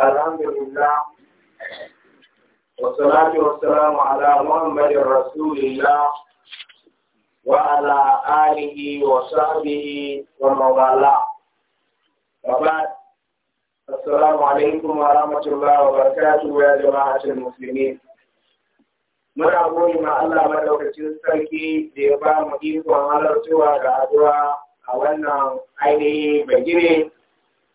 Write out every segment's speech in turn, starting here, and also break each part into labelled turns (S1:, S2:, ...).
S1: Alhamdulillah, wasalatu wasalamu ala Muhammadin Rasulillah wa ala alihi wa sahbihi wa ma da ya ba mu ikon halartowa da addu'a a wannan ainihin bagire.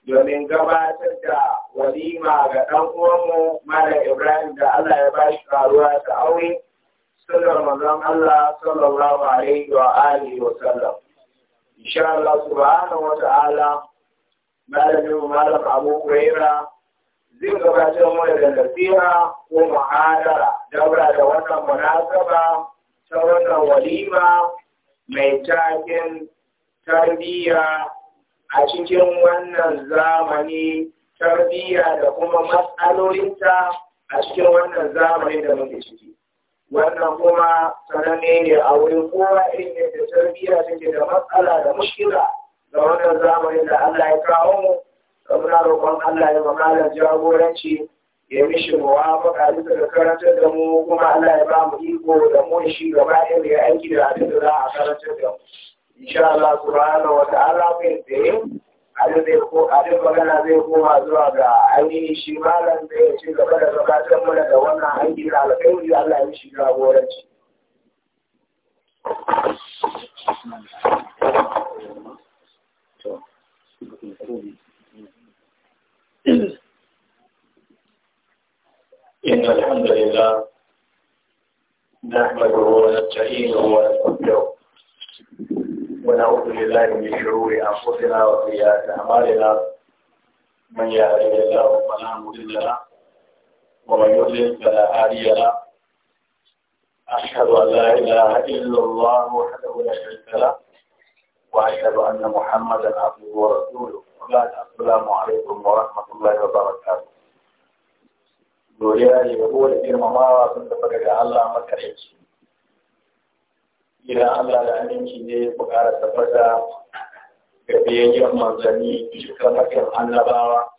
S1: domin gabatar da walima ga ɗan uwanmu Malam Ibrahim da Allah ya bashi karuwa ta aure sunan manzon Allah sallallahu alaihi wa alihi wa sallam insha Allah subhanahu wa ta'ala malamin malam Abu kuraira zai gabatar mu da nasiha ko muhadara daura da wannan munasaba ta wannan walima mai taken tarbiyya a cikin wannan zamani tarbiyya da kuma matsalolinta a cikin wannan zamani da muke ciki wannan kuma sananne ne a wurin kowa irin yadda tarbiyya take da matsala da mushkila ga wannan zamani da Allah ya kawo mu muna roƙon Allah ya mamala jagoranci ya mishi muwafaqa bisa da karantar da mu kuma Allah ya ba mu iko da mu shi gaba ɗaya ya aiki da abin da za a karantar da mu insha Allah subhanahu wa ta'ala kai tsaye abin zai ko magana zai koma zuwa ga ainihin shi malam da ya ci gaba da gabatar mana da wannan aiki da alkhairi Allah ya yi shi jagoranci. إن الحمد لله نحمده ونستعينه ونستغفره ونعوذ بالله من شرور أنفسنا وسيئات أعمالنا من يهده الله فلا مضل له ومن يضلل فلا هادي له أشهد أن لا إله إلا الله وحده لا شريك له وأشهد أن محمدا عبده ورسوله وبعد السلام عليكم ورحمة الله وبركاته. Doriya يقول ان kowace girmamawa sun tafi idan Allah da aminci ne ku ƙara tabbata ga biyayyen manzanni cikin hakan annabawa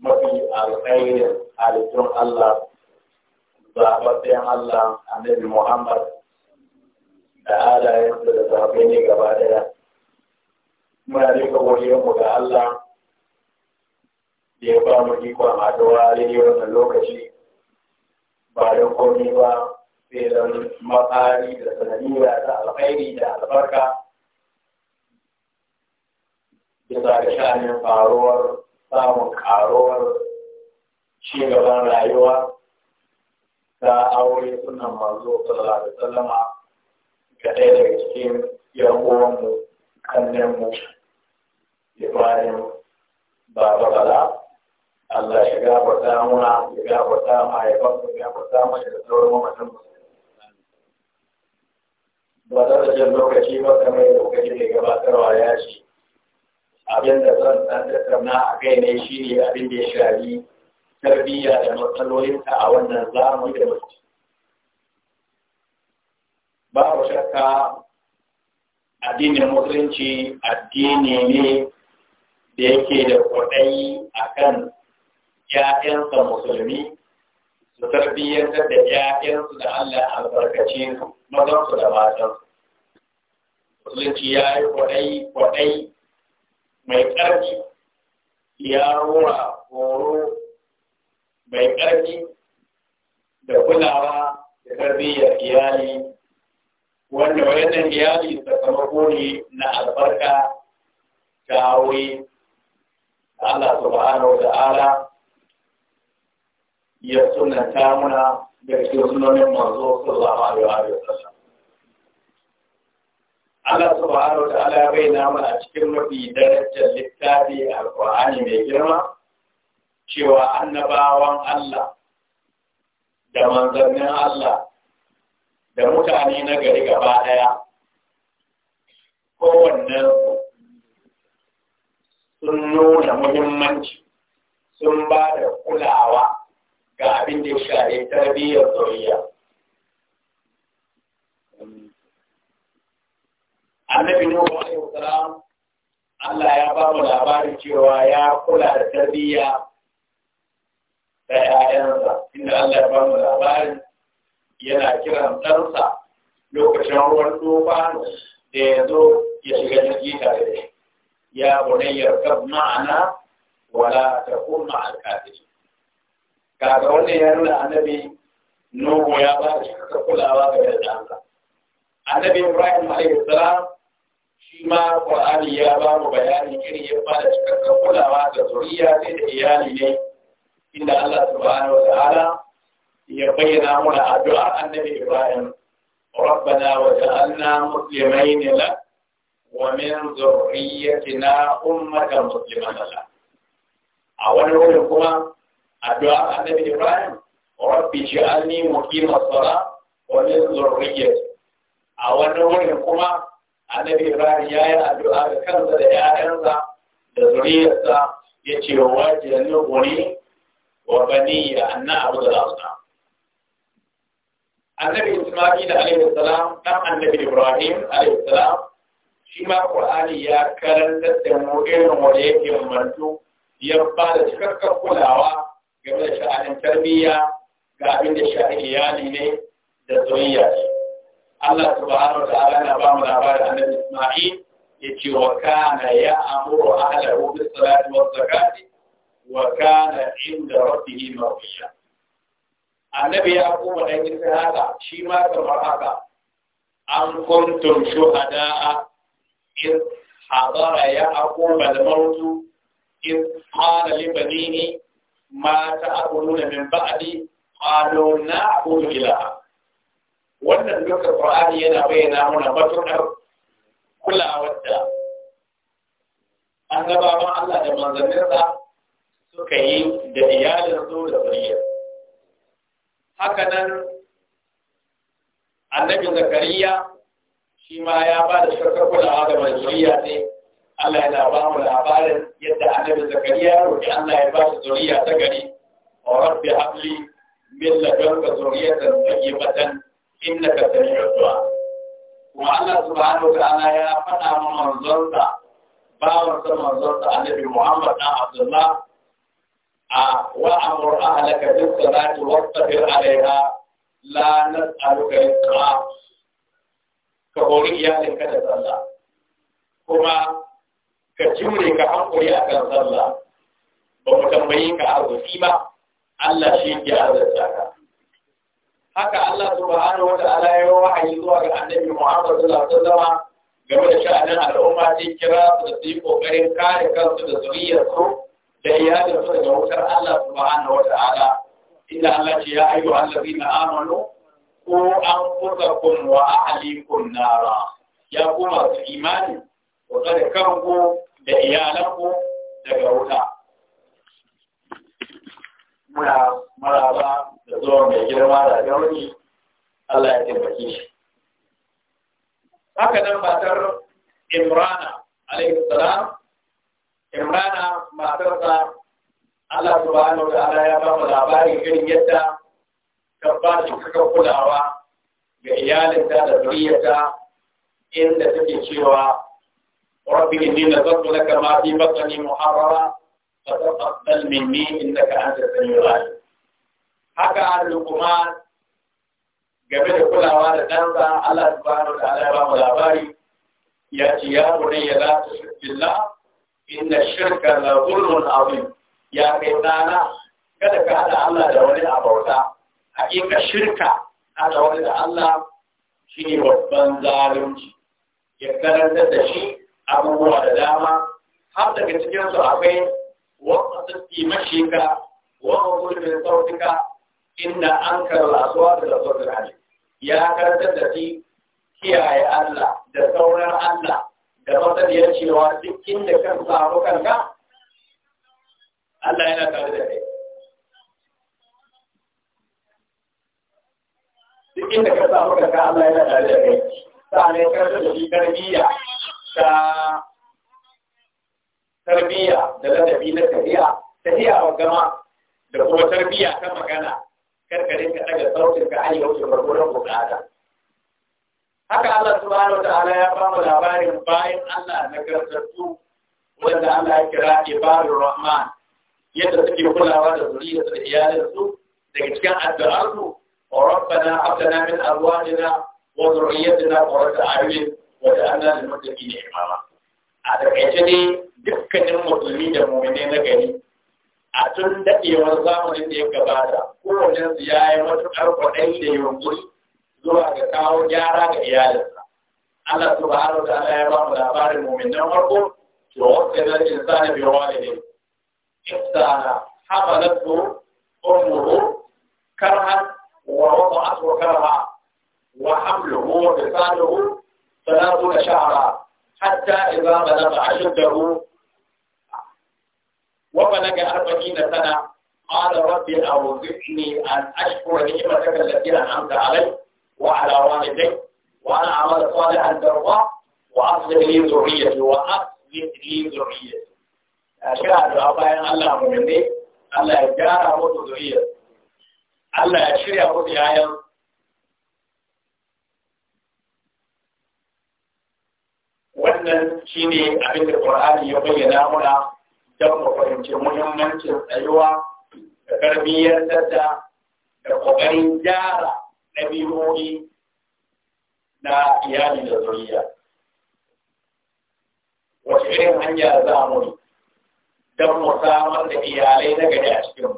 S1: mafi alƙairin halittun Allah zaɓaɓɓen Allah annabi Muhammad da alayensa da zaɓe ne gaba ɗaya. Muna rika mu ga Allah da ya ba mu ikon addu'a a wannan lokaci ba don komai ba sai zan makari da sanadiyya da alkhairi da albarka bisa ga sha'anin faruwar samun karuwar ci gaban rayuwa ta aure sunan manzo sallallahu alaihi wasallama ga ɗaya daga cikin yan uwanmu kannenmu Ibrahim Baba Bala Allah ya gafarta muna ya gafarta mahaifanmu ya gafarta mana da sauran mamatan musulmi ba za ta jan lokaci ba kamar da gabatarwa ya ce abin da zan ɗan tattauna a kai ne shi ne abin da ya shafi tarbiyya da matsalolinta a wannan zamani da mutu babu shakka addinin musulunci addini ne da yake da kwaɗayi a kan ‘ya'yansa musulmi su tarbiyyantar da ‘ya'yansu da Allah albarkace su mazansu da matansu. Musulunci ya yi kwaɗai-kwaɗai mai ƙarfi, ya rura horo mai ƙarfi da kulawa da tarbiyyar iyali, wanda wayannan iyali kama ne na albarka ga wuri Allah subhanahu wa ta'ala ya ta muna da cikin sunanin manzo sallallahu alaihi Ana sallam Allah subhanahu wa ta'ala bai bayyana a cikin mafi darajar littafi alqur'ani mai girma cewa annabawan Allah da manzannin Allah da mutane na gari gaba daya wannan sun nuna muhimmanci sun ba da kulawa قاعدين نشاهد التربية الضوئية النبي نوح عليه السلام الله يا بابا لا بارك يا كل التربية فيا أنسى إن الله يا بابا لا بارك yana kiran ɗansa lokacin ruwan tufan da ya zo ya shiga jirgi tare ya bunayyar kan ma'ana wala ta kuma alƙadisi kaga wannan ya nuna annabi Nuhu ya ba da cikakken kulawa ga yadda ɗansa. Annabi Ibrahim alayhi salam shi ma Qur'ani ya ba mu bayani irin ya ba da cikakken kulawa ga zuriya ta da iyali ne inda Allah subhanahu wa ta'ala ya bayyana mana addu'a annabi Ibrahim ربنا وجعلنا مسلمين لك ومن ذريتنا أمة مسلمة لك. أولا يقول addu'a annabi Ibrahim rabbi ja'alni muqima as-salah wa min dhurriyyati a wannan wurin kuma annabi Ibrahim ya yi addu'a da kansa da ‘ya'yansa da zuriyarsa ya ce wa wajen wuri wa bani ya anna abu da lasa. Annabi Ismail alaihissalam ɗan annabi Ibrahim alaihissalam shi ma Ƙur'ani ya karanta da mu irin wanda yake mantu ya ba da cikakken kulawa game da sha'anin tarbiyya ga abin da sha'anin iyali ne da soyayya ce Allah subhanahu wataala na ba mu labarin annabi Isma'il ya ce wa kana ya amuru ahlahu bis salati waz zakati wa kana inda rabbihi mardiya annabi ya kuma dan yi haka shi ma kamar haka an kuntum shuhada'a in hadara ya aquba al-maut in qala ma ta'buduna min ba'di qalu na'budu ilaha wannan dukkan Qur'ani yana bayyana mana matukar kulawar da annabawan Allah da manzanninsa suka yi da iyalinsu da zuriyar haka nan annabi zakariya shi ma ya ba da shakar kulawa ga manzuriya ne Allah yana ba mu labarin yadda annabi Zakariya ya roki Allah ya ba shi zuriya ta gari wa rabbi habli min ladunka zuriyatan tayyibatan innaka sami'ud du'a kuma Allah subhanahu wa ta'ala ya faɗa mu manzonsa bawan sa manzonsa annabi Muhammad dan Abdullah a wa amur ahlaka bis salati wastabir alaiha la nas'aluka rizqa ka hori iyalinka da sallah kuma ka jure ka hankuri a kan sallah ba mu tambayi ka arziki ba Allah shi ke azarta ka haka Allah subhanahu wa ta'ala ya wahayi zuwa ga annabi Muhammad sallallahu alaihi wasallam game da sha'anin al'umma sai kira su da su yi kokarin kare kansu da zuriyarsu da iyalinsu daga wutar Allah subhanahu wa ta'ala inda Allah ce ya ayyuhal ladina amanu ku anfusakum wa ahlikum nara ya kuma su imani وقد كرهوا da iyalanku daga wuta. Muna maraba da zuwa mai girma da gauri, Allah ya taimake shi. Haka nan matar Imrana alaihi salam Imrana matarsa Allah subhanahu wa ta'ala ya ba mu labarin irin yadda ta ba shi kaka kulawa ga iyalinta da zuriyarta inda take cewa ربي إني نذرت لك ما في بطني محررا فتقبل مني إنك أنت السميع العليم حكى عن لقمان قبل كل أوان الدنسة الله سبحانه وتعالى رحمه الأباري يا يا بني لا تشرك بالله إن الشرك لظلم عظيم يا كيتانا قد كان الله لولي أبوتا حقيقة الشرك هذا ولد الله شيء وفن ظالم يكرر هذا الشيء abubuwa da dama har daga cikinsu akwai wata imashika wata gudun sautuka inda an karla asuwa da lafazin hali ya karantar da shi kiyaye Allah da sauran Allah da masaniyar cewa duk inda kan samu kanka Allah yana tare da kai duk inda kan samu kanka Allah yana tare da kai ne karantar da shi karbiya ta tarbiyya da ladabi na tafiya tafiya wa gama da kuma tarbiyya ta magana karkare ka daga sautin ka hanyar wuce farko na bukata haka Allah subhanahu wa ta'ala ya ba mu labarin bayan Allah na gartattu wanda Allah ya kira ibadur rahman yadda suke kulawa da zuriyar da iyalansu daga cikin addu'arsu ربنا هب لنا من ازواجنا وذريتنا قرة اعين wata ana da mutaki ne ma ba. a takaice ne dukkanin musulmi da mummune na gari a tun daɗewar zamanin da ya gabata kowane su ya yi matuƙar kwaɗayi da yunkuri zuwa ga kawo gyara ga iyalinsa Allah haɗu da ta'ala ya ba mu labarin mu'minan farko to wasa da insani bi walidin ihsana hamalathu ummuhu karhan wa wada'athu karha wa hamluhu wa fisaluhu ثلاثون شهرا حتى إذا بلغ أشده وبلغ أربعين سنة قال رب أوزعني أن أشكر نعمتك التي أنعمت علي وعلى والدي وأنا أعمل صالحا ترضى وأصلح لي ذريتي وأصلح لي ذريتي أشهد إلا الله مني الله يجارى موت ذريتي الله ya shirya musu yayan wannan shine abin da Qur'ani ya bayyana muna don mu fahimci muhimmancin tsayuwa da tarbiyyar da da kokarin gyara ɗabi'o'i na iyali da zuriya. Wace irin hanya za mu yi don mu samar da iyalai na gari a cikin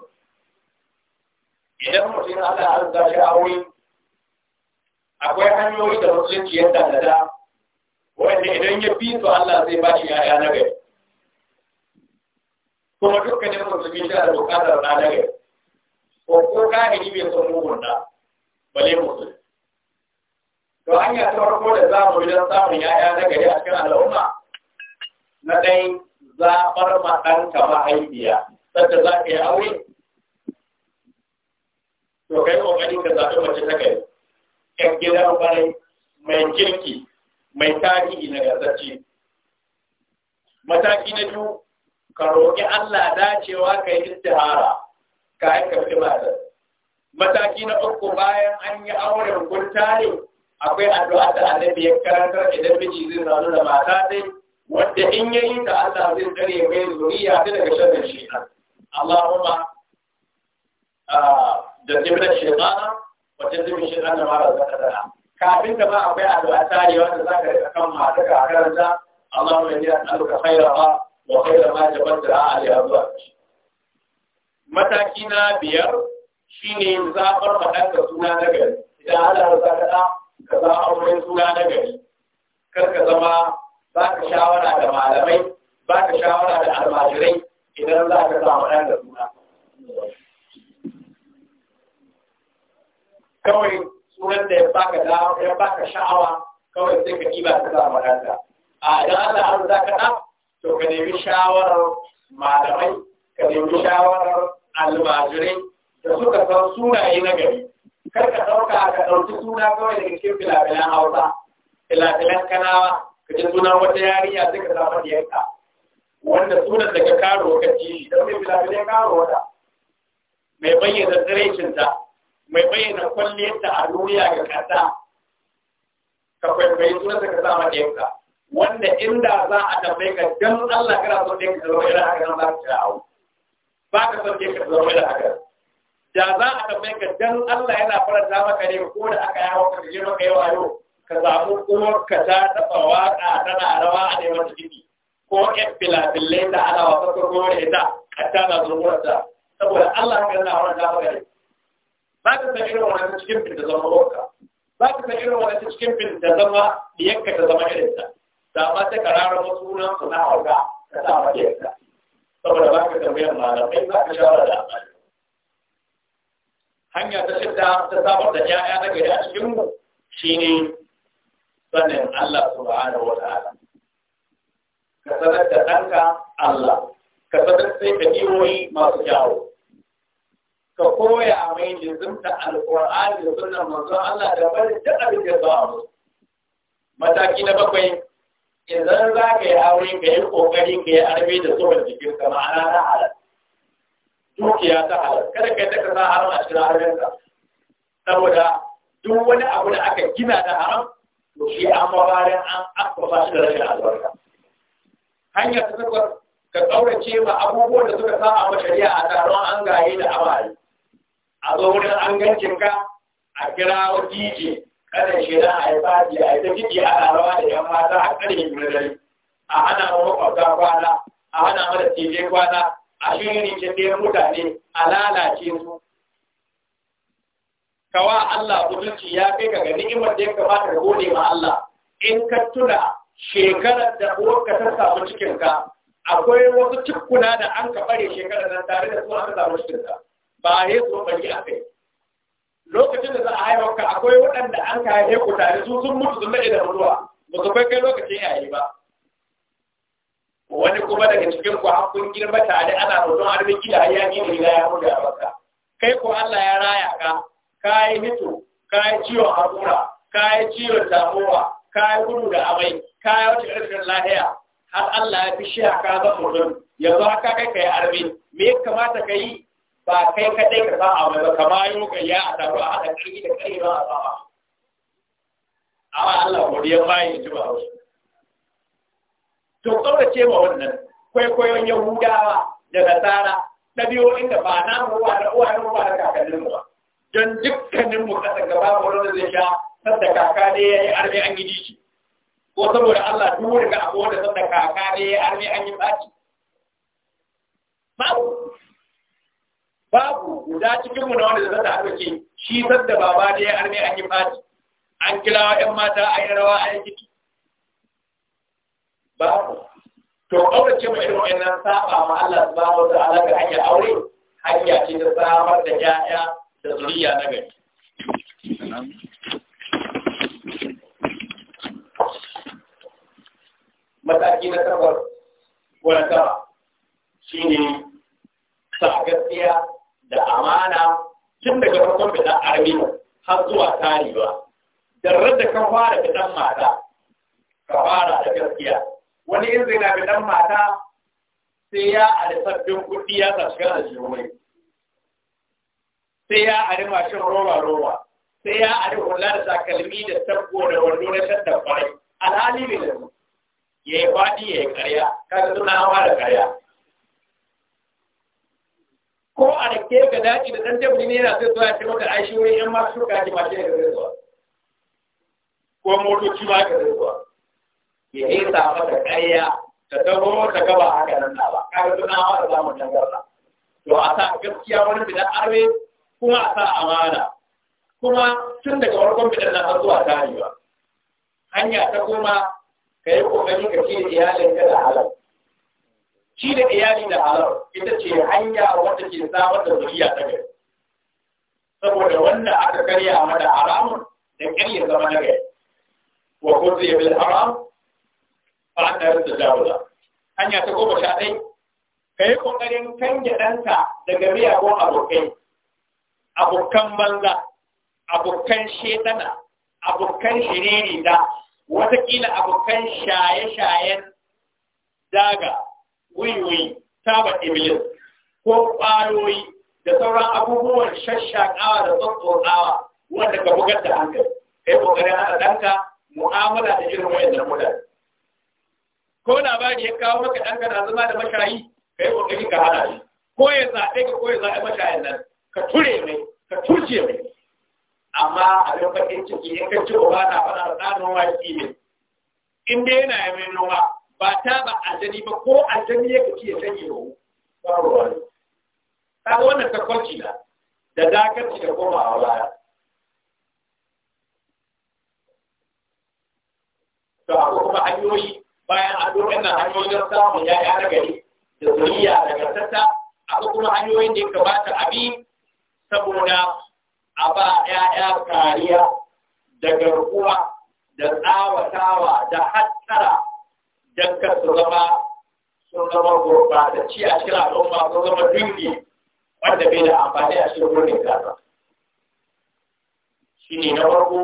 S1: Idan mutum ana arzika shi aure, akwai hanyoyi da musulunci ya tanada wanda idan ya bi su Allah zai ba shi yaya na gari kuma dukkanin musulmi suna da bukatar na na gari ko ko kahiri bai son mugun na bale musulmi to hanya ta farko da za mu don samun yaya na gari a cikin al'umma na ɗai zaɓar ma ɗanka mahaifiya sadda za ka yi aure to kai ƙoƙari ka zaɓi mace ta kai ƴan gidan ƙwarai mai kirki mai tarihi na gazace mataki na biyu ka roƙi Allah dacewa ka yi istihara ka yi aika ibada mataki na uku bayan an yi auren guntare akwai addu'a da annabi ya karantar idan miji zai zaune da mata dai wanda in yi da Allah zai tsare mai zuriya ta daga sharrin shaytan Allahumma ah, da mara kafin da ma akwai al'asari wanda za ka rika kan mata ka karanta Allah mai ya tsaruka khairaha wa khaira ma jabatta a zuwa mataki na biyar shine zabar madan ka suna na gari idan Allah ya saka da ka za a wurin suna na gari kar ka zama ba ka shawara da malamai ba ka shawara da almajirai idan za ka samu ɗan da suna kawai wanda da ya baka da ya baka sha'awa kawai sai ka kiba ta zama wadata a idan Allah ya za ka dan to ka nemi shawarar malamai ka nemi shawarar almajirai da suka san sunaye na gari kar ka dauka ka dauki suna kawai daga cikin filafilan Hausa filafilan Kanawa ka ji sunan wata yarinya sai ka da diyarka wanda sunan daga karo ka ji shi don mai filafilan karo wata mai bayyana tsiraicinta mai bayyana kwalliyar ta a duniya ga kasa ka kwaikwayi suna da kasa sa ma wanda inda za a tambaye ka don Allah kana son ɗayanka ka zama irin haka nan za ka ci awo ba ka son ɗayanka ka zama irin haka da za a tambaye ka don Allah yana faranta maka ne ko da aka yawo ka je maka yawa yau ka zamu kuma ka ta taɓa waƙa tana rawa a neman jiki ko ƴan filafilai da ana wasa ko ita a tana zurwarta saboda Allah ka yana faranta maka ne ba ka san irin wani cikin fita da zama roka ba ka san irin wani cikin fin da zama diyarka ta zama irinta da ba ta karara sunan su na hauka ka sa ma diyarka saboda ba ka tambayar malamai ba ka shawara da amali hanya ta shidda ta samar da 'ya'ya na gari a cikin mu shine sanin Allah subhanahu wa ta'ala ka sanar da ɗanka Allah ka sanar sai ka iwoyi masu kyawu ka koya mai lizimta alƙur'ani da sunan manzo Allah da bari ta abin da za mu mataki na bakwai idan za ka yi aure ka yi ƙoƙari ka yi arbe da tsohon jikin ka ma'ana na halal dukiya ta halal kada ka yi taka sa haram a cikin ka. saboda duk wani abu da aka gina da haram to shi an mabarin an akwafa shi da rashin albarka hanyar ta takwas ka ƙaurace ma abubuwan da suka sa a shari'a a taron an gaye da amari a zo wurin an ka a kira wa DJ kada shi da a yi fadi a yi ta fiki ana da yan mata a ƙarfe biyu dare a hana makwabta kwana a hana mara tije kwana a shirin cikin mutane a lalace su kawa Allah kudurci ya kai ka ga ni'imar da ya kamata ka gode ma Allah in ka tuna shekarar da uwarka ta samu cikinka akwai wasu cikuna da an ka bare shekarar nan tare da su aka samu cikinka ba a hesu bari a kai lokacin da za a haihuwa ka akwai waɗanda an ka haihe ku tare su sun mutu sun daɗe da mutuwa ba su kai kai lokacin yayi ba wani kuma daga cikin ku har kun girma tare ana roƙon arzikin gida ya ji da ya mutu a baka kai ko Allah ya raya ka ka yi mito, ka yi ciwon hakura ka yi ciwon damuwa ka yi gudu da amai ka yi wata ƙarfin lahiya har Allah ya fi shi ka zama mutum yanzu haka kai ka yi arbi me ya kamata ka yi ba kai kadai ka sa'a mai ba kama yi muka ya a taru a haɗa ƙarfi da ƙarfi ba a sa'a amma Allah godiya bayan ya ba wasu to ƙaurace ma wannan kwaikwayon yahudawa da nasara ɗabi'o'in da ba na mu ba da uwa mu ba da kakannin ba don dukkanin mu kasa gaba mu wanda zai sha sanda kaka ne ya yi arme an yi dishi ko saboda Allah duk wanda abuwa da sanda kaka ne ya yi arme an yi baci babu babu guda cikin mu na wanda zai da aka ce shi sadda baba da ya arme an yi fati an kira ƴan mata an yi rawa an yi kiki babu to ce mu irin wannan saba ma Allah subhanahu wa ta'ala ga hanyar aure hanya ce ta samar da ƴaƴa da zuriya na gari mataki na takwas wanda shi ne sa gaskiya da amana tun daga farkon fitan arbi har zuwa tarewa da da ka fara fitan mata ka fara da gaskiya wani in zai na fitan mata sai ya a lissafin kuɗi ya shiga da jihohi sai ya a rima shin roba roba sai ya a rima hula da takalmi da tabbo da wando na shaddan kwarai alhali ne da ya yi faɗi ya yi karya kada suna hawa da karya ko a ke ka daji da ɗan tabbi ne yana zai zuwa ce maka ai shi wani yan masu shuka ne mace ne gare zuwa ko motoci ma ka zai zuwa ya yi sama da ƙarya ta tabo ta gaba haka nan na ba kawai suna ba da zamu tangarda to a sa gaskiya wani bidan arwe kuma a sa amana kuma tun daga farkon bidan na zuwa tarewa hanya ta kuma ka yi kokari ka ce iyalinka da halal shi da iyali da halar ita ce hanya wadda ke samar da zuriya ta gari saboda wanda aka karya a mada haramun da karya zama na gari wa kuma zai bil haram fa an tare da jawula hanya ta goma sha ɗai ka yi ƙoƙarin kan ɗanka daga miyagun abokai abokan banza abokan shetana, abokan shiriri da watakila abokan shaye-shayen daga wiwi taba iblis ko ƙwayoyi da sauran abubuwan shashakawa da tsotsotsawa wanda ka bugar da hankali kai kokarin hana ɗanka mu'amala da irin da mutane ko labari ya kawo maka ɗanka na zama da mashayi ka yi ƙoƙari ka hana shi ko ya zaɓe ka ko ya zaɓe mashayin nan ka ture mai ka turce mai amma a lokacin ciki in ka ci uba na faɗa da tsarin waƙi ne in dai yana yamin noma ba ta ba aljani ba ko aljani ya kaci ya sanya ba. ba ruwa ta wannan na da dakarci da koma a baya to akwai kuma hanyoyi bayan a duk wannan hanyoyin samun ya'ya na gari da zuriya daga sassa akwai kuma hanyoyin da ya kamata a bi saboda a ba ya'ya kariya da garkuwa da tsawatawa da hattara dakka su zama ba zama ci a cikin al'umma sun zama dingi wanda bai da amfani a cikin wurin kasa shi ne na farko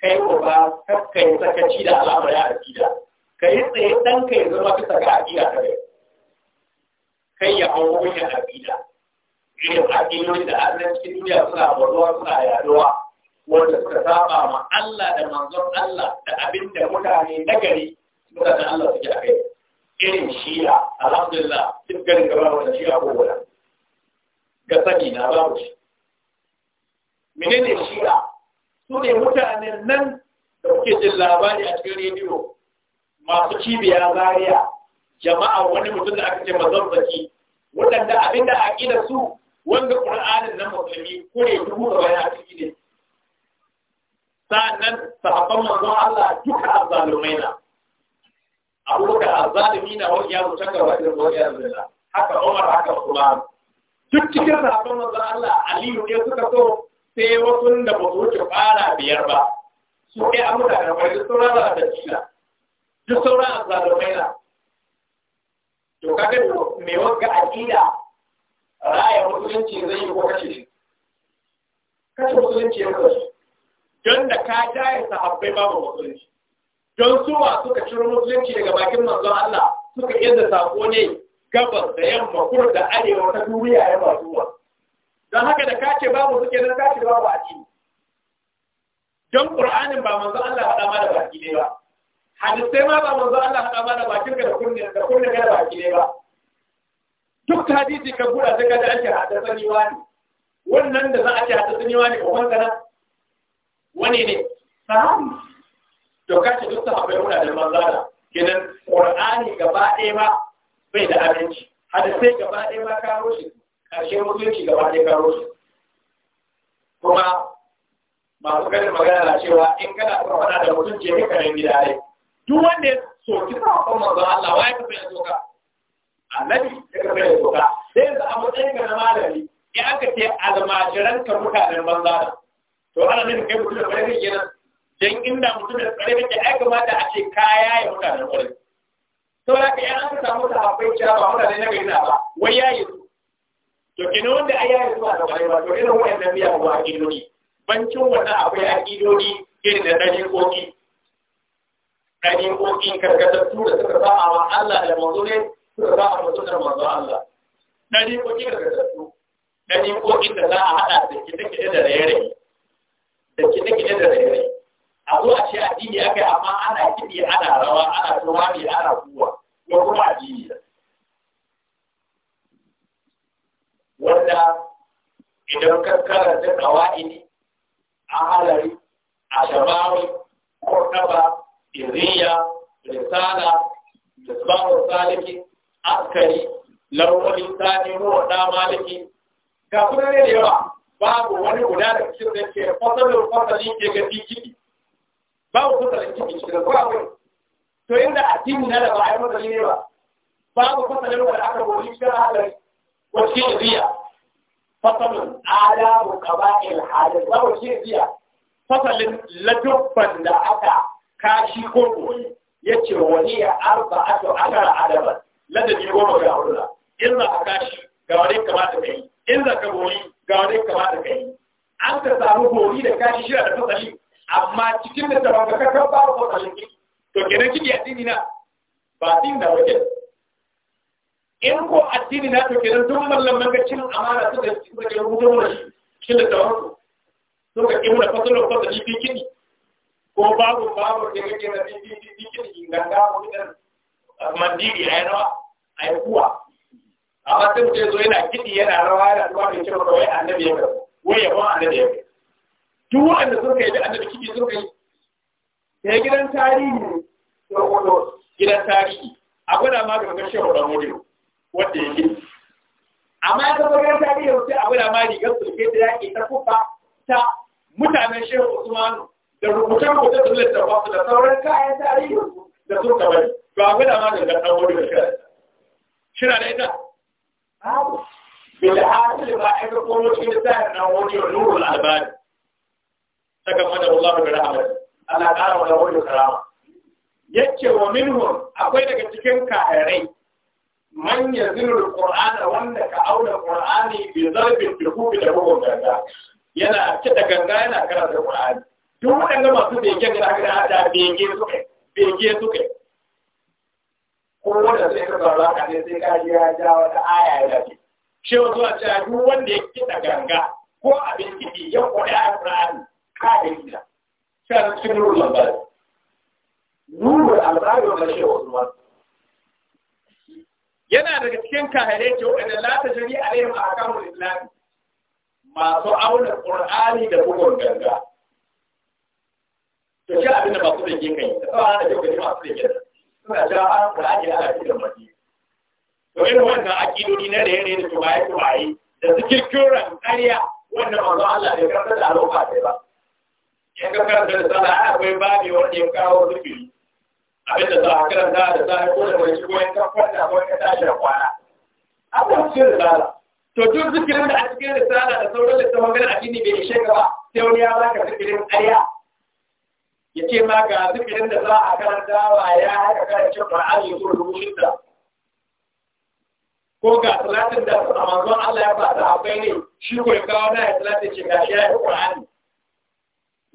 S1: kai ko ba kakka yi sakaci da al'amari a aƙida ka yi tsaye dan ka yi zama bisa ga aƙida ka bai kai ya hau wuyan aƙida irin aƙidoji da an cikin duniya suna bazuwa suna yaduwa wanda suka saba ma Allah da manzon Allah da abin da mutane nagari mutanen Allah suke a kai irin shiya alhamdulillah duk ganin gaba wani shiya ko wala ga sani na babu shi menene shiya su ne mutanen nan da kuke jin labari a cikin rediyo masu cibiyar zaria jama'a wani mutum da aka ce mazarzaki waɗanda abinda a ƙida su wanda ƙur'anin nan musulmi ko ne dubu da bayan a ciki ne sa'annan sahabban manzon Allah duka azzalumai na abu da zalimi na wani yaro can gaba da wani yaro da haka Umar haka Usman duk cikin sahabban manzon Allah Aliyu ne suka so sai wasu da ba su wuce fara biyar ba su kai abu da karɓar duk sauran da ta cila duk sauran a zalimai na to kaga me wanga aqida ra'ayin musulunci zai yi ko kace shi kace musulunci ya kashe. don da ka jaye sahabbai babu musulunci don suwa suka ciro musulunci daga bakin manzon Allah suka yadda sako ne gabas da yamma kuma da arewa ta duniya ya ba zuwa don haka da kace babu suke nan kace babu aji. don qur'anin ba manzon Allah hada ma da baki ne ba hadisai ma ba manzon Allah hada ma da bakin ka da kunne da kunne ka da baki ne ba duk hadisi ka gura daga da ake hadasani wani wannan da za a ce hadasani wani ko wanda wani ne sahabi dokacin duk sahabbai muna da manzala kenan qur'ani gaba ɗaya ma bai da aminci sai gaba ɗaya ma karo shi ƙarshen mutunci gaba ɗaya karo shi kuma masu ganin magana na cewa in kana kuma faɗa da mutunci ne karen gida ne duk wanda ya soki sakon manzo Allah wai ka bai soka annabi ya ka bai soka sai da a matsayin ka na malami ya aka ce almajiran ka mutanen banza to ana nufin kai mutum da bai kenan don inda mutum da karfin da ya kamata a ce kaya ya mutanen kwarai sau da kayan an samu da akwai kira ba mutane na gaina ba wai ya yi su to kina wanda a yayi su a da kwarai ba to irin wayannan biya ba a kidoni bancin wannan akwai a kidoni irin da ɗari koki ɗari koki karkatattu da suka ba a wa Allah da manzo ne suka ba a mutum da manzo Allah ɗari koki karkatattu ɗari koki da za a haɗa da kiɗe-kiɗe da raye-raye da kiɗe-kiɗe da raye-raye a zo a ce addini ya kai amma ana kiɗi ana rawa ana kuma ne ana kuwa ko kuma addini wanda idan ka karanta kawa'ini a halari a shabawi kaba, iriya risala misbahu saliki askari lawali sani ruwa da maliki ga ne da yawa babu wani guda da cikin da ke fasalin fasalin ke ga ciki Ba babu fasalin ciki shiga babu to yadda addini na da ba a yi mazali ne ba Ba babu fasalin wanda aka goyi shiga hadari wasu da biya fasalin adabu kaba'il hadari babu shi biya fasalin ladubban da aka kashi ko goyi ya ce wani ya arba a to akara adaban ladabi goma ga hulula in za ka kashi ga wani kamata da kai. in za ka goyi ga wani kamata da kai. an ka samu goyi da kashi shida da fasali amma cikin da ba ka ka ba ko ta shi to kenan kike addini na ba din da wajen in ko addini na to kenan duk mallaman manga cin amana su da su da rubutu mu shi shi da tabar su to ka kimu da fasalo ko da shi kike ko babu ko da kike na din din din kini ganga mu da mandiri ai kuwa. amma sai mutum zo yana kidi yana rawa yana ruwa mai kira wai annabi ya wai yabon annabi ya duk waɗanda suka yi da annabi kiɗi suka yi sai gidan tarihi gidan tarihi a gwada ma da magar shehu da mudu wanda yake amma ya zama gidan tarihi sai a gwada ma rigar sulke da yake ta kufa ta mutanen shehu usmanu da rubuce-rubuce da littattafansu da sauran kayan tarihi da suka bari. to a gwada ma da rigar ɗan mudu da shirar shirar da ita bilhasil ba a yi da kuma cikin tsarin nan wani nurul albani saka fada Allah da Ana Allah kara wa lahu karama yace wa minhum akwai daga cikin kafirai man yazinu alqur'ana wanda ka auna qur'ani bi zarbin dukubi da bugun ganga yana da ganga yana karanta qur'ani duk waɗanda masu bege da aka da bege suke bege suke ko wanda sai ka zaura ka ne sai ka ji ya ja wata aya da ke shi wato a cewa duk wanda ya kida ganga ko abin kidi ya koya qur'ani yana daga cikin kahare ce wanda la ta jari a ahkamul islam masu auna qur'ani da bugun ganga to shi abin da masu rike kai da ba da gani masu rike suna ja an ah, qur'ani ala da mafi to irin wannan akidodi na da yare da tubaye tubaye da zikirkin ran ƙarya wannan manzo Allah ya karɓar da al'umma ba in ka karanta da sana akwai babi wanda ya kawo zikiri abin da za a karanta da sana ko da mai shigo in ka kwanta ko ka tashi da kwana da cikin risala to duk zikirin da a cikin risala da sauran littafin a gini bai ishe ka ba sai wani ya baka zikirin ƙarya ya ce ma ga zikirin da za a karanta wa ya haka karance Qur'ani ya zo dubu shida ko ga salatin da a manzon Allah ya ba da abai ne shi ko ya kawo na ya salatin ce ga shi ya yi Qur'ani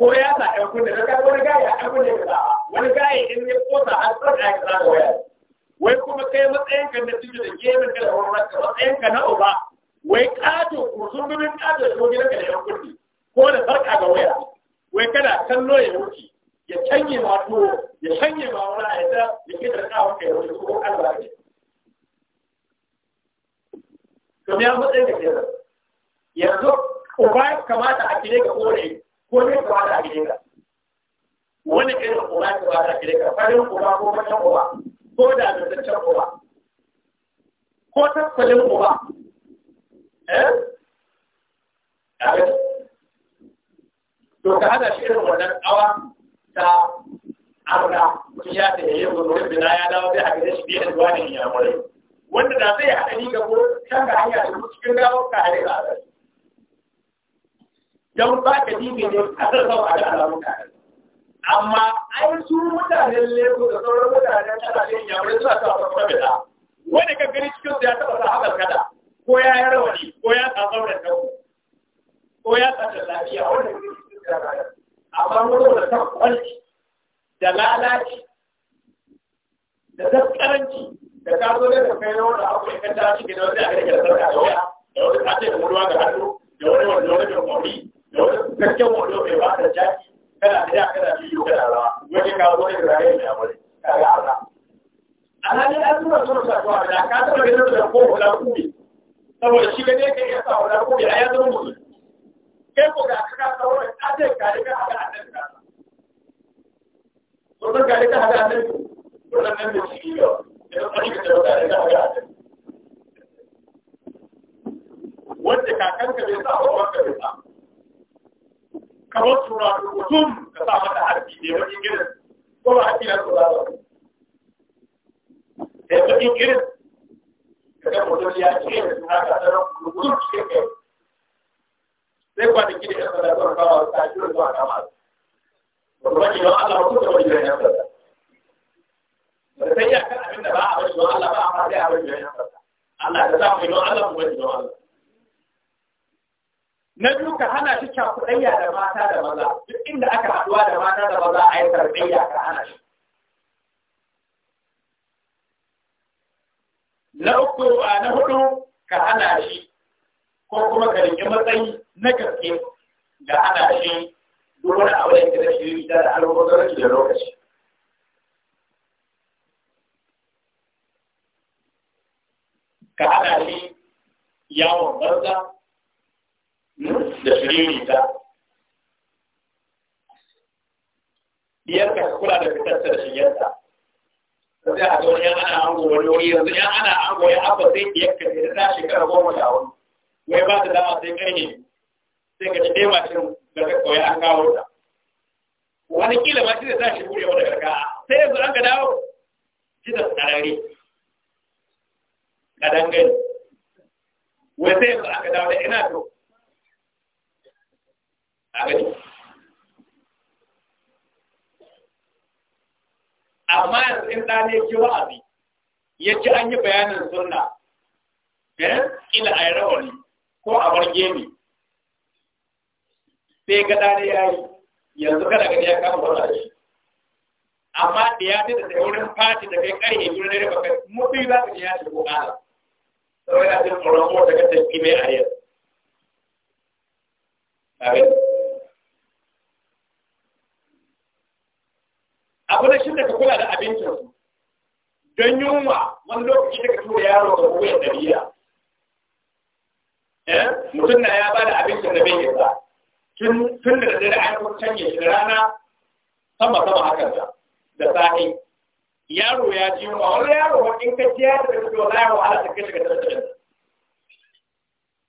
S1: ko ya sa ɗan kunne da kai wani gaya ɗan kunne ka wani gaya in ya kosa har sun ɗaya ka zaɓa waya wai kuma kai matsayin ka na cikin da gemin ka da wani matsayin ka na uba wai ƙato kursun gumin ƙato da shogi da ɗan kunne ko da sarƙa ga waya wai kana kallo ya wuce ya canye ma tuwo ya canye ma wani aita ya ke da kawo kai wani ko Allah ne. Kamar ya matsayin da ke nan. Yanzu uba kamata a kire ka kore ko ne ka wada a gidanka wani irin uba ka wada a ka farin uba ko matan uba ko da zantaccen uba ko ta tattalin uba eh to ka hada shi irin wannan awa ta arna shi ya ta yayin wani bina ya dawo zai haka da shi biyan zuwa ne ya wanda da zai haɗa ni ga ko kan ga hanya da cikin gawo ka hare ba don ba ka dibe ne kasar zama a da alamun kare amma ai su mutanen lego da sauran mutanen kasashen yamai suna sa farko da wani ka gani cikin su ya taɓa sa haɓar kada ko ya yi rawani ko ya tsatsau da kanku ko ya tsatsa lafiya wani amma wani da kan kwanci da lalaci da zaskaranci da ka zo da kai na wani abu da kan tashi gidan wani a kai da sarka da wani da wani kace da murwa ga hannu da wani wani da wani da kwari da wando mai ba da jaki kana da ya rawa wani raye a an tura da da ko saboda shi kai a ko nan da shi wanda kakanka bai sa wanda bai kamar tura mutum ka sa mata harfi ne wani girin ko ba haƙi na tura ba da ya wani girin ka ga mutum ya ce da suna ka tsaron mutum ce kai sai kwanaki da ya tsada zuwa kama wasu ta jiran zuwa kama su wani don Allah mutum da wani girin ya tsada da sai ya kan abin da ba a wani don Allah ba a ma sai a wani girin ya tsada Allah ya sa mu don Allah mu wani don Allah na biyu ka hana shi cakuɗayya da mata da maza duk inda aka haɗuwa da mata da maza a yi tarbiyya ka hana shi na uku a na hudu ka hana shi ko kuma ka riƙe matsayi na gaske da hana shi duk wani abu da ya shi da al'amuran da lokaci ka hana shi yawon banza da shiriri ta biyar kula da fitar da shiryarta sai a zo yan ana ango wani wuri yanzu yan ana ango ya haɓa, sai biyar ka da ta shekara goma da wani wai ba ta dama sai kai ne sai ka ci ɗaya mashin da ka koya an kawo ta wani kila ma shi da tashi buɗe wani karka sai yanzu an ka dawo shi da tsarari ka dangane wai sai yanzu ka dawo da ina to amma in ɗane ya ji wa'azi ya ci an yi bayanin suna eh ila a yi rawani ko a bar gemi sai ga ɗane ya yi yanzu kada gani ya kama wata shi amma da ya ce da sai wurin fati da kai ƙarfe biyu na dare kai mutu za ka ji ya ce ko ƙara saboda jin tsoron mota ka tafi mai a yau abu da shi da ka kula da abincin su don yunwa wani lokaci da ka tura yaro ga kuwa da biya mutum na ya ba da abincin da bai yasa tun da dare an kuma canye shi da rana sama sama hakan da da sa'i yaro ya ji yunwa wani yaro wani in ka ji ya da kudo na yawa ala ta kai daga tattalin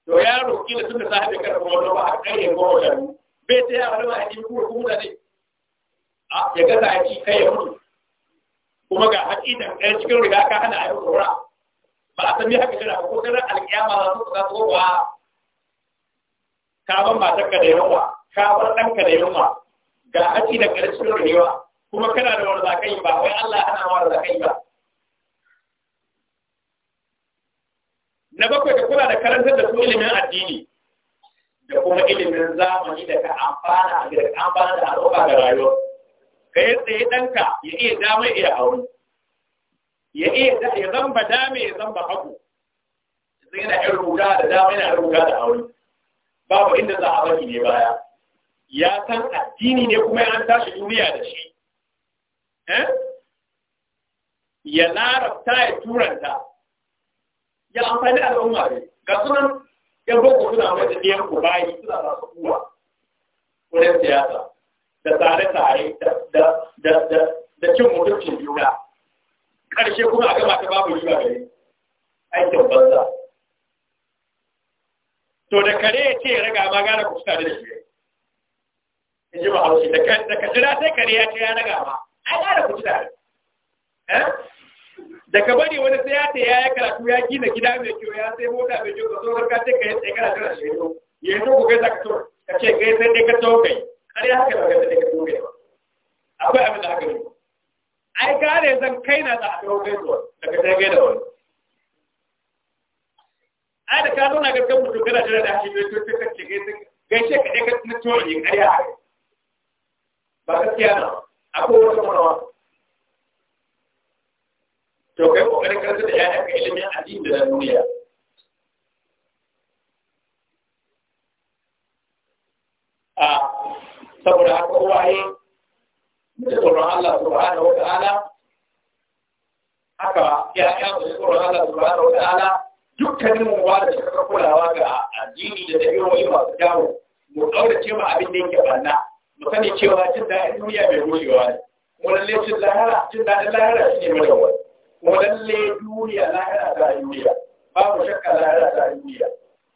S1: to yaro kila tun da sa'i da karfa wani ba a kare ko wajen bai ta a wani ba a kuma kuma da ne a ya gaza a ci kai ya mutu kuma ga hakikan ɗaya cikin riga ka hana a yi tsora ba a san me haka shirya ko kanar alƙiyama za su za su wa ka ban matarka da yawa ka ban ɗan ka da yawa ga haƙi da cikin rayuwa kuma kana da wanda za yi ba wai Allah hana wa da yi ba na bakwai ka kula da karantar da su ilimin addini da kuma ilimin zamani da ka amfana da amfana da al'umma ga rayuwa ka yi tsaye ɗanka ya iya dama ya iya aure, ya iya ya zamba dama, ya zamba hagu sai yana yan ruga da dama yana ruga da aure. babu inda za a bari ne baya ya san addini ne kuma an tashi duniya da shi eh? ya larabta ya turanta ya amfani al'umma ne ga sunan yan boko suna mai da ɗiyan ku bayi suna masu kuwa wurin siyasa da tsare-tsare da cin mutuncin juna ƙarshe kuma a gama ta babu riba gare aikin banza to da kare ya ce ya raga ma gane kusa da shi in ji bahaushe da ka jira sai kare ya ce ya raga ma ai gane kusa eh? da ka bari wani sai ya ce ya yi karatu ya gina gida mai kyau ya sai mota mai kyau ka zo ka ce ka yi tsaye kana jira shi ya yi ta ku gaisa ka ce ka ce sai dai ka tsawo kai ƙarya haka da kai da dore ba akwai haka ai gane zan kai na za a kai zuwa daga ta gaida wani ai da ka zauna ga kan mutum kana jira da hashiyoyi to ta gaishe ka ɗaya ka ba akwai wata to kai ka ilimin addini da duniya a ah. saboda haka uwaye da tsoron Allah subhanahu wa ta'ala haka ya da tsoron Allah subhanahu wa ta'ala dukkanin mu ba da shakar kulawa ga addini da yi masu dawo mu daura cewa abin da yake banna mu sani cewa cin da duniya mai gogewa ne mu lalle cin lahara Cin da lahara shi ne mai yawa mu lalle duniya lahara da duniya babu shakka lahara da duniya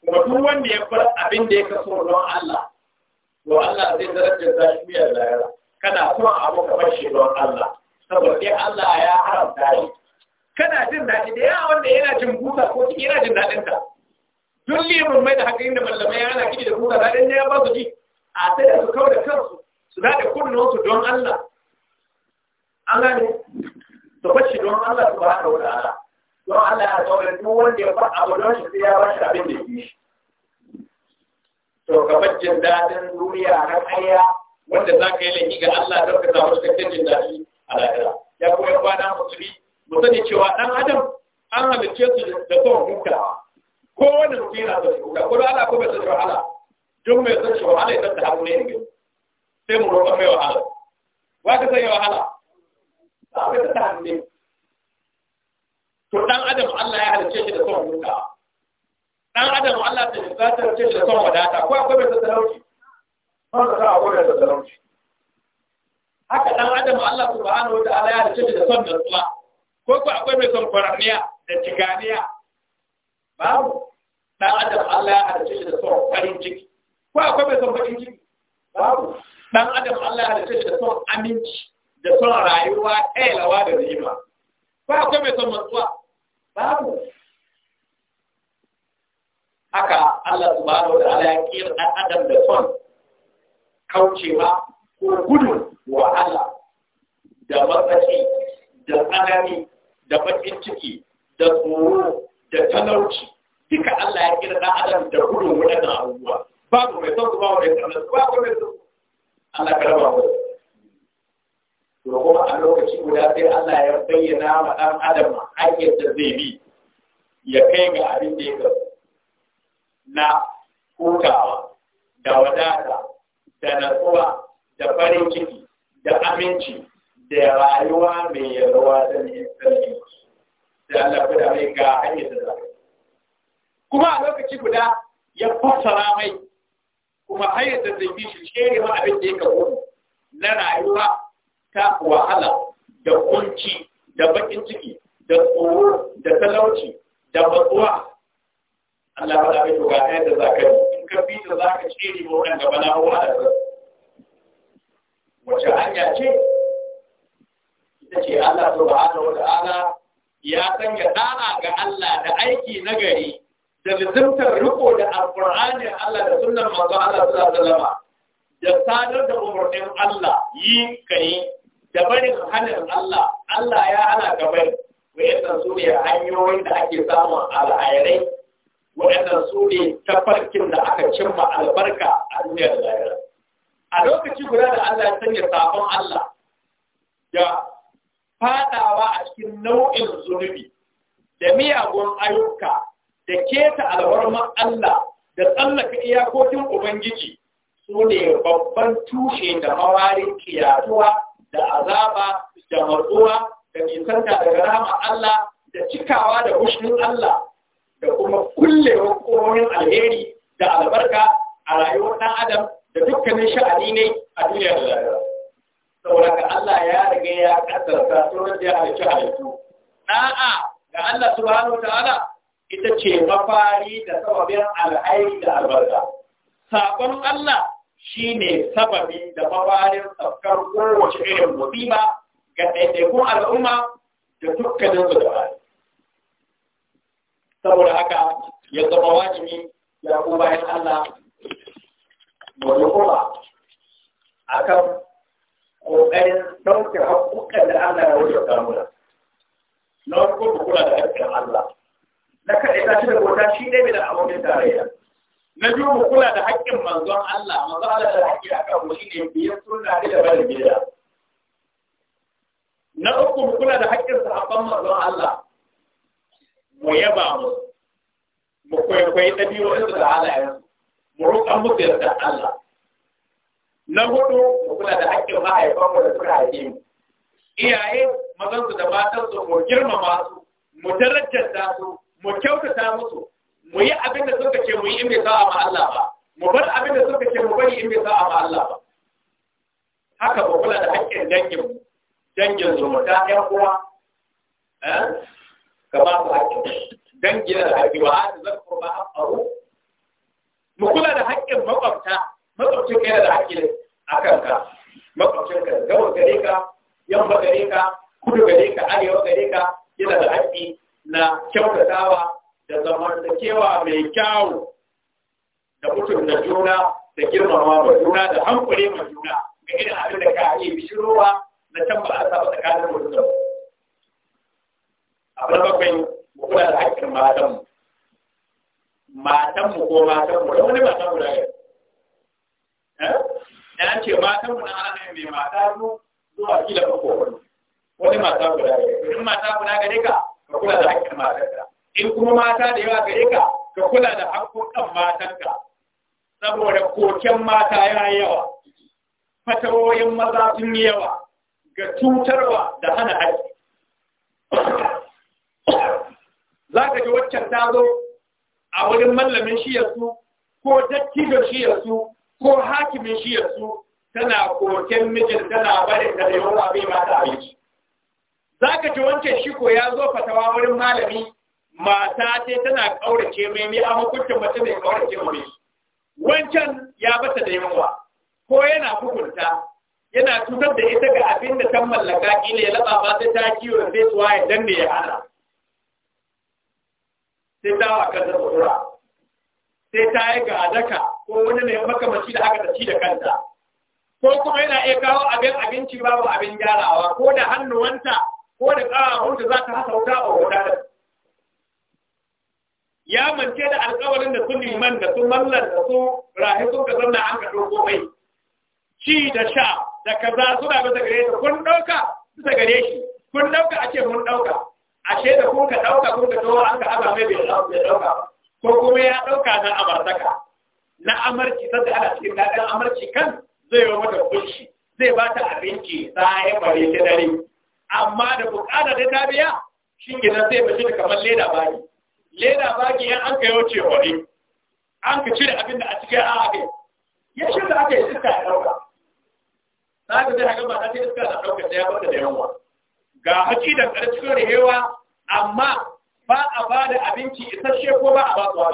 S1: kuma duk wanda ya bar abin da ya so don Allah to Allah zai darajar ta shi miyar lahira kana kuma abu ka fashe don Allah saboda dai Allah ya haramta shi kana jin daɗi da yawa wanda yana jin busa ko ciki yana jin daɗin ka duk limin mai da hakan da mallamai yana kiji da busa daɗin ya ba su ji a sai da su kau da kansu su daɗe kunnuwansu don Allah Allah ne su fashi don Allah su ba haka wani ala don Allah ya zaune duk wanda ya faɗa abu don shi sai ya ba shi abin da ya shi to ka bar jin daɗin duniya na ƙarya wanda za ka yi laifi ga Allah don ka samu cikakken jin daɗi a lahira ya kuma yi kwana musulmi mu sani cewa ɗan adam an halicce su da son Ko wani mutum yana son hutawa ko da Allah ko bai son wahala duk mai son shi wahala ya san da hannu ne ne sai mu roƙa mai wahala wa ka sanya wahala ba ka san hannu ne to ɗan adam Allah ya halicce shi da son hutawa dan adam Allah ta zatar ce da son wadata ko akwai bai talauci son da akwai mai talauci haka dan adam Allah subhanahu wataala ya ce da son nutsuwa ko ko akwai mai son kwaramiya da cikaniya babu dan adam Allah ya halice da son farin ciki ko akwai mai son farin ciki babu dan adam Allah ya halice da son aminci da son rayuwa kailawa da rima ko akwai mai son matsuwa babu haka Allah su ba da alaƙiyar ɗan adam da son kaucewa ko gudun wa Allah da matsaci da tsanani da bakin ciki da tsoro da talauci duka Allah ya kira ɗan adam da gudun da abubuwa babu mai son ba mai ba babu mai son Allah ka raba mu to kuma a lokaci guda sai Allah ya bayyana ma ɗan adam hanyar da zai bi ya kai ga abin da ya gaba na hutawa da wadata da natsuwa da farin ciki da aminci da rayuwa mai yarwa da mai sarki da Allah da mai ga hanyar da zaka kuma a lokaci guda ya fassara mai kuma hanyar da zai bishi shi shiri ma abin da yake gudu na rayuwa ta wahala da kunci da bakin ciki da tsoro da talauci da matsuwa Allah ya faɗa to ga ta yadda za ka yi in ka bi ta za ka cire ma wannan gaba na hawa da zai wace hanya ce ita ce Allah subhanahu wa ta'ala ya sanya da'a ga Allah da aiki na gari da bizimtar riko da alƙur'anin Allah da sunnar manzo Allah sallallahu alaihi wasallam da sadar da umarnin Allah yi kai da barin hannun Allah Allah ya hana ka bari wayannan su ne hanyoyin da ake samun alhairai waɗanda su ne tafarkin da aka cimma albarka a duniyar lahira a lokaci guda da Allah ya sanya sabon Allah da faɗawa a cikin nau'in zunubi da miyagun ayyuka da keta albarman Allah da tsallaka iyakokin Ubangiji su ne babban tushe da mawarin kiyatuwa da azaba da matsuwa da nisanta daga rama Allah da cikawa da hushin Allah da kuma kulle hukumomin alheri da albarka a rayuwar ɗan adam da dukkanin sha'ani ne a duniya da lahira saboda Allah ya riga ya kasarta sunan da ya halicci halittu na'a ga Allah subhanahu ta'ala ita ce mafari da sababin alhairi da albarka sabon Allah shine sababi da mafarin safkar kowace irin musiba ga ɗaiɗaikun al'umma da dukkanin su da saboda haka ya zama wajibi ya ku bayan Allah wani kuma a kan ƙoƙarin ɗauke haƙuƙan da Allah ya wuce kamuna. Na wasu kuma kula da haƙƙin Allah. Na kaɗai ta shi da bauta shi ne mai da abokin tarayya. Na biyu mu kula da haƙƙin manzon Allah, manzon Allah da haƙƙi a kan mu shi ne biyar suna da bari biya. Na uku mu kula da haƙƙin sahabban manzon Allah, mu yaba mu mu kwaikwayi ɗabi'o'in su da halayen mu roƙa musu yarda Allah na hudu mu kula da haƙƙin mahaifan mu da suka haife mu iyaye mazan su da matan su mu girmama su mu darajar darajanta su mu kyautata musu mu yi abin da suka ce mu yi in bai sa'a ma Allah ba mu bar abin da suka ce mu bari in bai sa'a ma Allah ba haka mu kula da haƙƙin dangin dangin zumunta ƴan uwa eh? ka ba su haƙƙin dangina da haƙƙi wa da zan kuma haƙƙaru mu kula da haƙƙin makwabta makwabcin kai yana da haƙƙi a kanka makwabcin ka gabas gare ka yamma gare ka kudu gare ka arewa gare ka yana da haƙƙi na kyautatawa da kewa mai kyau da mutum mutunta juna da girmama ma juna da hankali ma juna ga irin abin da ka yi bishirowa na can ba a saba tsakanin mutum abu bakwai kula da hakkin matan matan mu ko matan mu da wani matan mu da ya eh? ya ce matan mu na ana mai mata mu zuwa kila ko wani wani mata guda ya in mata na gare ka ka kula da matan ka. in kuma mata da yawa gare ka ka kula da matan ka. saboda koken mata ya yawa fatawoyin maza sun yi yawa ga cutarwa da hana haƙƙi za ka ji waccan ta zo a wurin mallamin shiyarsu ko dattijon shiyarsu ko hakimin shiyarsu tana koken mijin tana barin da da yawa bai ta abinci za ka ji wancan shi ko ya zo fatawa wurin malami mata ce tana ƙaurace mai mai a hukuncin mace mai ƙaurace mai wancan ya bata da yawa ko yana hukunta yana cutar da ita ga abin da ta mallaka ƙila ya laba ba ta kiwo sai suwa ya danne ya hana sai ta wa kanta tsura sai ta yi ga adaka ko wani ne makamaci da haka da ci da kanta ko kuma yana iya kawo abin abinci babu abin gyarawa ko da hannuwanta ko da ƙawawunta za ta hasa wuta a wuta ya mance da alƙawarin da sun liman da sun mallan da su rahi sun ka zanna an ka mai ci da sha da kaza suna bisa gare ta kun ɗauka bisa gare shi kun ɗauka a ce mun ɗauka ashe da kun ka ɗauka kun ka towa an ka aza mai bai ɗauka ko kuma ya ɗauka na amartaka na amarci sanda ana cikin daɗin amarci kan zai yi mata kunshi zai ba ta abinci tsaye bare ta dare amma da bukata da ta biya shi gidan sai bace da kamar leda baki leda baki yan an ka yauce wani an ka cire abin da a cikin an aka ya shi da aka yi iska ya ɗauka ta ga haka ba ta ce iska na sai ya bata da yawa ga haƙi da ƙarfi da yawa amma ba a ba da abinci isasshe ko ba a ba su ba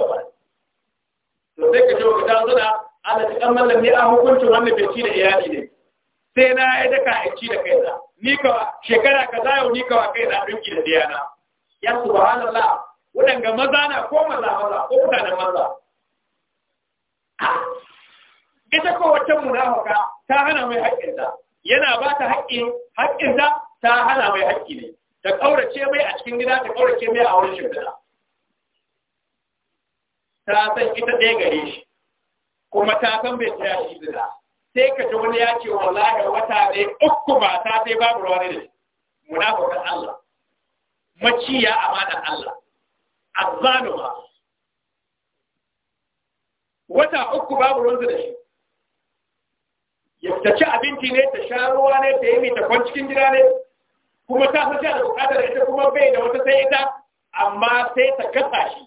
S1: to sai ka jiwa ta zuna ana ci ɗan mallam ne a hukuncin wanda bai ci da iyali ne sai na ya daka a ci da za. ni kawa shekara ka za yau ni kawa kai na abinci da diyana ya subhanallah waɗanga maza na ko maza maza ko mutanen maza ita ko wata munafuka ta hana mai haƙƙinta yana ba ta haƙƙin haƙƙinta ta hana mai haƙƙi ne ta ƙaurace mai a cikin gida ta ƙaurace mai a wurin shirya ta san ita ɗaya gare shi kuma ta san bai tsaya shi gida sai ka ji wani ya ce wallahi wata ɗaya uku ba ta sai babu ruwa ne munafiqan Allah maciya amana Allah ba. wata uku babu ruwan da shi ta ci abinci ne ta sha ruwa ne ta yi mai ta kwan cikin gida ne kuma ta fi da bukatar ita kuma bai da wata sai ita amma sai ta kasa shi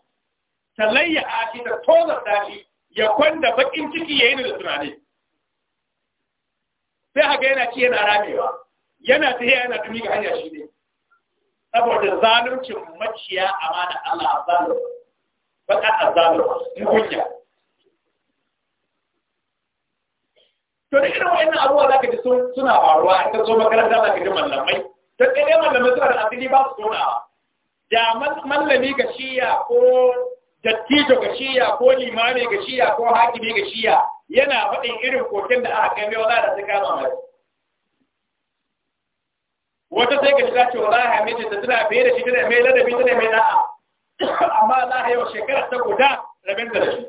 S1: ta layya shi ta tozar shi ya kwanda bakin ciki ya yi da tunani sai haka yana ci yana ramewa yana ta yi yana tuni ga hanya shi ne saboda zaluncin maciya amana Allah a zalunci baka a zalunci kunya to da irin wa'annan abubuwa ka ji suna faruwa a kan zo makaranta ka ji mallamai ta tsere malamai suna da asali ba su tonawa da mallami ga shiya ko dattijo ga shiya ko limami ga shiya ko hakimi ga shiya yana faɗin irin kokin da aka kai mai wala da ta kama mai wata sai ka shiga ce wala ya mace ta tana fiye da shi tana mai ladabi tana mai da'a amma za a yau shekara ta guda rabin da shi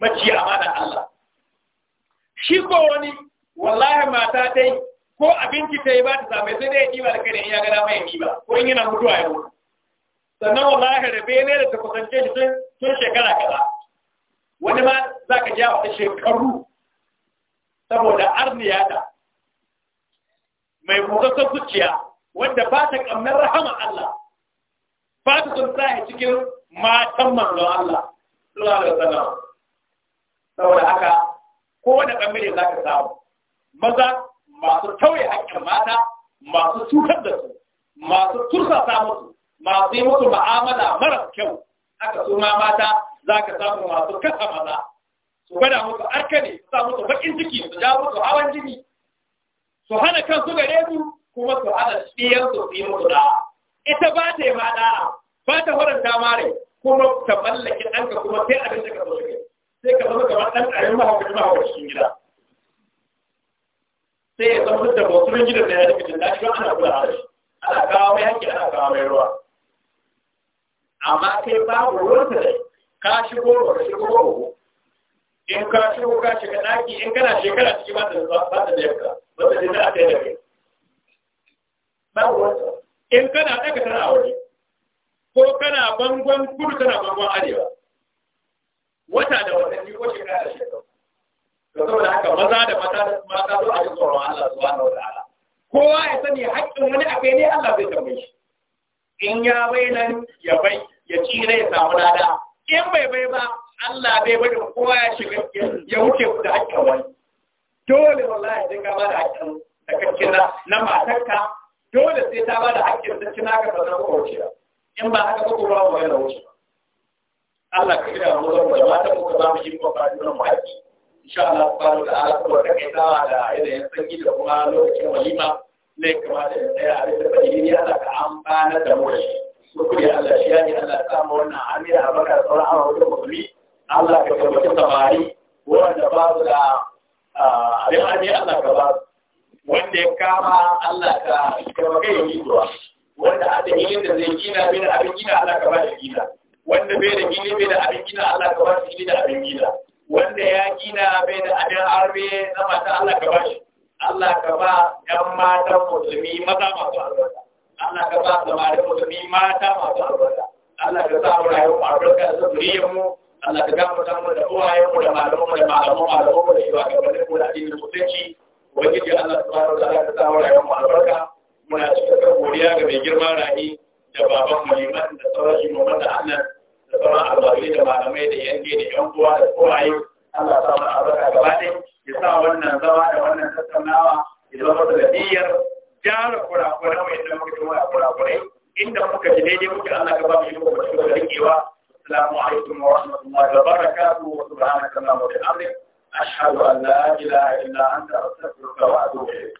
S1: maciya amana Allah shi ko wani wallahi mata dai ko abinci ta yi ba ta zaɓe sai dai ya ɗiba da kare in ya ga mai ya ɗiba ko in yana mutuwa ya mutu sannan wallahi rabe ne da ta kusance shi tun shekara kaza wani ma za ka ja wata shekaru saboda arniya ta. mai kusassar zuciya wanda ba ta ƙamnar rahama Allah ba ta sun ya cikin matan manzon Allah sallallahu alaihi wasallam saboda haka kowane ƙamire za ka samu maza masu tauye hakkin mata masu cutar da su masu tursasa musu masu yi musu ma'amala mara kyau aka su ma mata za ka samu masu kasa maza su gwada musu arka ne su sa musu bakin ciki su ja musu hawan jini su hana kansu gare su kuma su hana ɗiyan su yi musu da ita ba ta yi ma da ba ta faranta mare kuma ta mallaki ɗanka kuma sai abin da ka so shi sai ka zama kamar ɗan ƙarin mahaukacin mahaukacin gida sai ya zama da musulun gidan da ya tafi da dashi ana kula da shi ana kawo mai hanki ana kawo mai ruwa amma kai babu ruwan da ka shigo ruwa ka shigo ruwa in ka shigo ka shiga ɗaki, in kana shekara ciki ba ta ba ta da yanka ba ta da ta da kai babu ruwan in kana daga tana aure ko kana bangon kudu kana bangon arewa wata da watanni ko shekara da shekaru to saboda haka maza da mata mata su a yi tsoron Allah subhanahu wa ta'ala kowa ya sani haƙƙin wani akai ne Allah zai tambaye shi in ya bai nan ya bai ya ci ya samu lada in bai bai ba Allah bai bari kowa ya shiga ya wuce da haƙƙin wani dole wallahi sai ka ba da haƙƙin da kakkin na matarka dole sai ta ba da haƙƙin da kina ka fara wucewa in ba haka ba ko ba wai wuce Allah ka kira mu da mata ko ba mu yi ko ba mu haƙƙi insha Allah subhanahu wa ta'ala ko da kai da da idan sanyi da kuma lokacin walima ne kamata da tsaya a bisa fahimi Allah ka amfana da mu shi kuri Allah shi ya ne Allah ta mu wannan amira a baka sauran awa wajen musulmi Allah ka tabbata samari wanda ba su da abin ami Allah ka ba su wanda ya kama Allah ka tabbata ya yi zuwa wanda a da yin da zai gina bai da abin gina Allah ka ba shi gina wanda bai da gini bai da abin gina Allah ka ba shi gina abin gina wanda ya gina bai da abin arbe na mata Allah ka ba shi Allah ka ba ‘yan matan musulmi mata masu albarka Allah ka ba samarin musulmi mata masu albarka Allah ka sa mu rayuwar albarka da zuriyar mu Allah ka gama ta mu da uwayen mu da malamu da malamu malamu mu da shi ba ga wani mu da addinin musulunci ubangiji Allah subhanahu wa ta'ala ka sa mu rayuwar mu albarka muna cikin godiya ga mai girma rahi da baban mu liman da sauran mu da Allah Zama sauran da malamai da yanke da yan uwa da kowaye Allah sa mana albarka gaba ɗaya ya sa wannan zama da wannan tattaunawa ya zama da sanadiyyar gyara kurakurai mai da muka kuma kurakurai inda muka ji daidai muka Allah ka ba mu yi kuma cikin rikewa assalamu alaikum wa rahmatullahi wa barakatuhu wa subhanaka allahumma wa bihamdika ashhadu an la ilaha illa anta astaghfiruka wa atubu ilayk